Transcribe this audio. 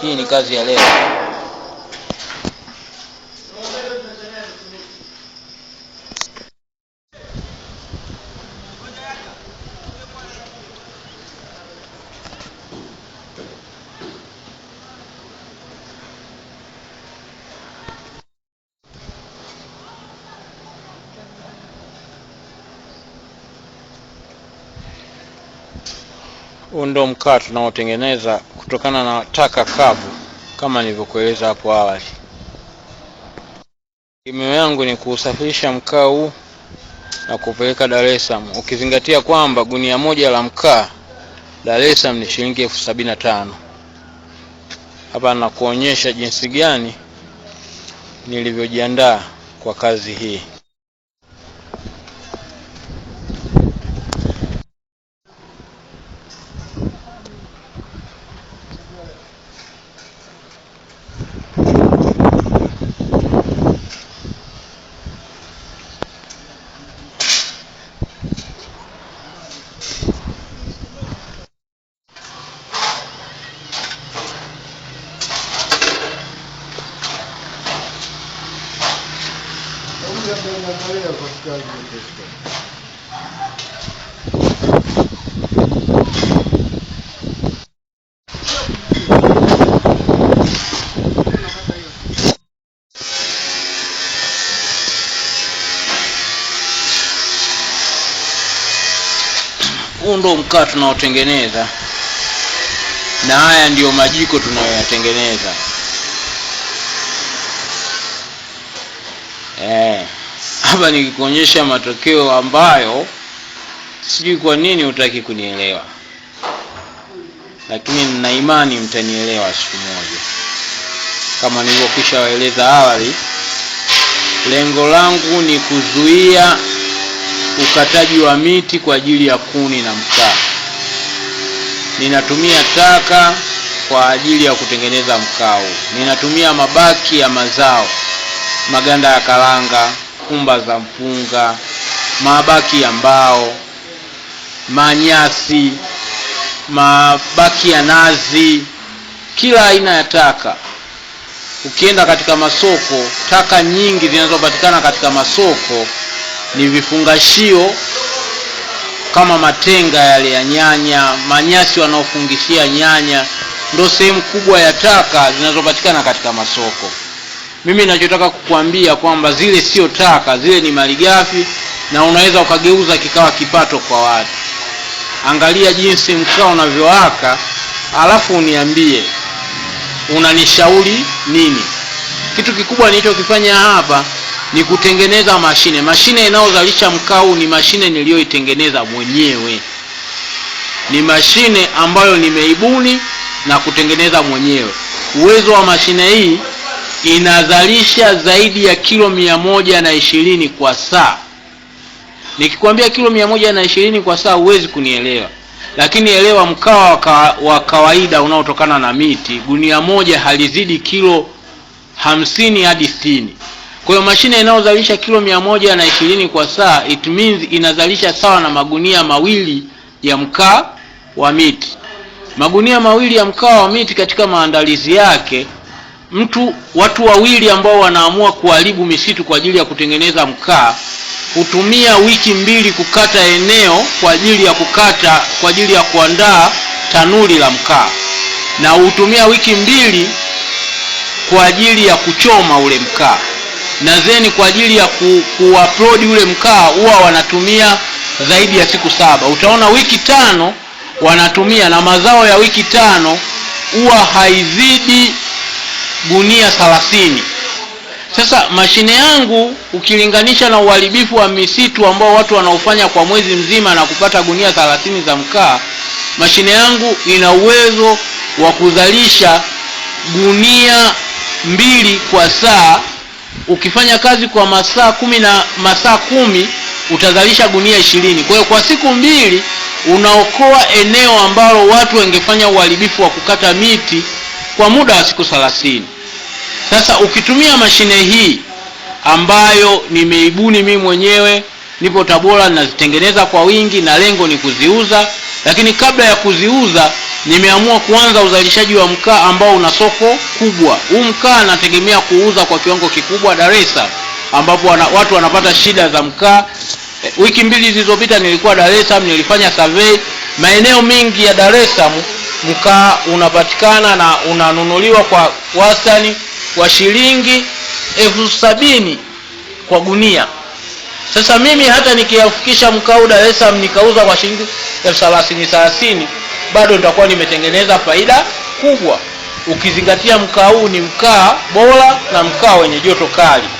Hii ni kazi ya leo. Huu ndo mkaa tunaotengeneza kutokana na taka kavu kama nilivyokueleza hapo awali. Kimeo yangu ni kuusafirisha mkaa huu na kupeleka Dar es Salaam, ukizingatia kwamba gunia moja la mkaa Dar es Salaam ni shilingi elfu sabini na tano. Hapa nakuonyesha jinsi gani nilivyojiandaa kwa kazi hii. 流れがこっちから huu ndo mkaa tunaotengeneza na haya ndiyo majiko tunayoyatengeneza eh hapa nikikuonyesha matokeo ambayo sijui kwa nini hutaki kunielewa, lakini nina imani mtanielewa siku moja. Kama nilivyokwisha waeleza awali, lengo langu ni kuzuia ukataji wa miti kwa ajili ya kuni na mkaa. Ninatumia taka kwa ajili ya kutengeneza mkaa huu. Ninatumia mabaki ya mazao, maganda ya karanga kumba za mpunga, mabaki ya mbao, manyasi, mabaki ya nazi, kila aina ya taka. Ukienda katika masoko, taka nyingi zinazopatikana katika masoko ni vifungashio kama matenga yale ya nyanya, manyasi wanaofungishia nyanya, ndo sehemu kubwa ya taka zinazopatikana katika masoko. Mimi nachotaka kukuambia kwamba zile sio taka, zile ni maligafi na unaweza ukageuza kikawa kipato kwa watu. Angalia jinsi mkaa unavyowaka, alafu uniambie unanishauri nini. Kitu kikubwa nilichokifanya hapa ni kutengeneza mashine. Mashine inayozalisha mkaa ni mashine niliyoitengeneza mwenyewe, ni mashine ambayo nimeibuni na kutengeneza mwenyewe. Uwezo wa mashine hii inazalisha zaidi ya kilo mia moja na ishirini kwa saa. Nikikwambia kilo mia moja na ishirini kwa saa huwezi kunielewa, lakini elewa mkaa wa kawaida unaotokana na miti, gunia moja halizidi kilo hamsini hadi sitini. Kwa hiyo mashine inayozalisha kilo mia moja na ishirini kwa saa, it means inazalisha sawa na magunia mawili ya mkaa wa miti. Magunia mawili ya mkaa wa miti katika maandalizi yake mtu watu wawili ambao wanaamua kuharibu misitu kwa ajili ya kutengeneza mkaa hutumia wiki mbili kukata eneo kwa ajili ya kukata kwa ajili ya kuandaa tanuri la mkaa, na hutumia wiki mbili kwa ajili ya kuchoma ule mkaa, na zeni kwa ajili ya ku, kuupload ule mkaa huwa wanatumia zaidi ya siku saba. Utaona wiki tano wanatumia, na mazao ya wiki tano huwa haizidi gunia thalathini sasa mashine yangu ukilinganisha na uharibifu wa misitu ambao watu wanaofanya kwa mwezi mzima na kupata gunia thalathini za mkaa mashine yangu ina uwezo wa kuzalisha gunia mbili kwa saa ukifanya kazi kwa masaa kumi na masaa kumi utazalisha gunia ishirini kwa hiyo kwa siku mbili unaokoa eneo ambalo watu wangefanya uharibifu wa kukata miti kwa muda wa siku thelathini sasa ukitumia mashine hii ambayo nimeibuni mimi mwenyewe, nipo Tabora, ninazitengeneza kwa wingi na lengo ni kuziuza, lakini kabla ya kuziuza nimeamua kuanza uzalishaji wa mkaa ambao una soko kubwa. Huu mkaa nategemea kuuza kwa kiwango kikubwa Dar es Salaam, ambapo wana, watu wanapata shida za mkaa. E, wiki mbili zilizopita nilikuwa Dar es Salaam, nilifanya survey maeneo mengi ya Dar es Salaam mkaa unapatikana na unanunuliwa kwa wastani wa shilingi elfu sabini kwa gunia. Sasa mimi hata nikiyafikisha mkau Dar es Salaam nikauza kwa shilingi elfu thelathini thelathini bado nitakuwa nimetengeneza faida kubwa, ukizingatia mkaa huu ni mkaa bora na mkaa wenye joto kali.